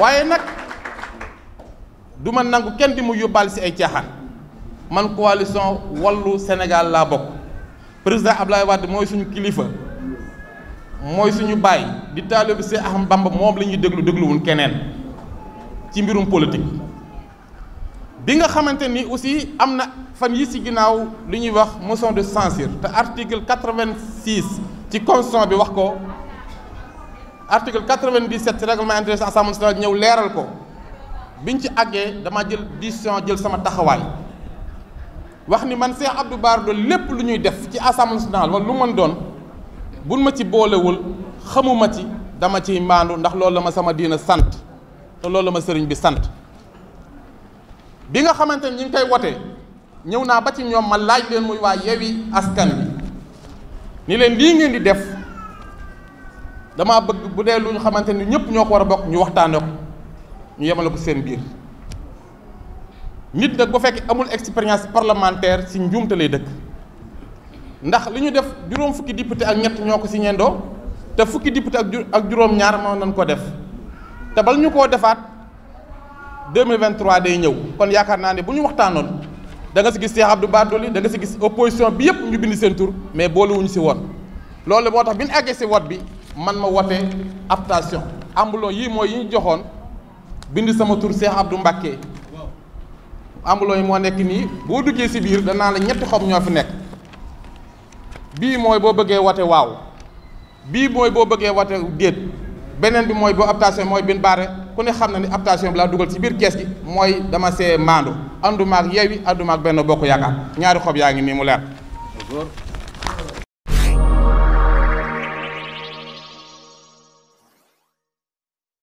waaye nag du ma nangu kenn di mu yóbbaal si ay caaxaan man coalition wallu Sénégal laa bokk président Ablaye Wade mooy suñu kilifa mooy suñu baay di taalibe Seex mbamb moom lañuy déglu dégluwul keneen ci mbirum politique bi nga xamante ni aussi am na fan yi ci ginnaaw li ñuy wax motion de censure te article quatre-vingt-six ci constitution bi wax ko article 97 ci règlement intérieur assemblée nationale ñëw leeral ko biñ ci àggee dama jël décision jël sama taxawaay wax ni man Cheikh Abdou Bara Dolly lépp lu ñuy def ci assemblée nationale wala lu mën doon buñ ma ci boolewul xamuma ci dama ciy maandu ndax loolu la ma sama diina sant te loolu la ma sëriñ bi sant bi nga xamante ni ñu ngi koy wote ñëw naa ba ci ñoom ma laaj leen muy waa Yewwi Askan Wi ni leen lii ngeen di def. damaa bëgg bu dee lu ñu xamante ni ñëpp ñoo ko war a bokk ñu waxtaanee ko ñu yemale ko seen biir nit nag bu fekkee amul expérience parlementaire si njuumte lay dëkk ndax li ñu def juróom fukki député ak ñett ñoo ko si ñeendoo te fukki député ak ju ak juróom-ñaar moo nañ ko def te bal ñu koo defaat 2023 day ñëw kon yaakaar naa ne bu ñu waxtaanoon da nga si gis Cheikh Abdou baat Dolly da nga si gis opposition bi yëpp ñu bind seen tur mais boolewuñu si woon loolu moo tax bi ñu àggee bi. man ma wote abstention ambulon yii mooy yi ñu joxoon bind sama tur Cheikh Abdou Mbacké ambulon yi moo nekk nii boo duggee ci biir danaa la ñetti xob ñoo fi nekk bii mooy boo bëggee wote waaw bii mooy boo bëggee wote déet beneen bi mooy boo abstention mooy bin baare ku ne xam na ni abstention bi laa dugal ci biir kees gi mooy dama see maandu andumaak Yewwi andumaak benn Bokk Yaakaar ñaari xob yaa ngi nii mu leer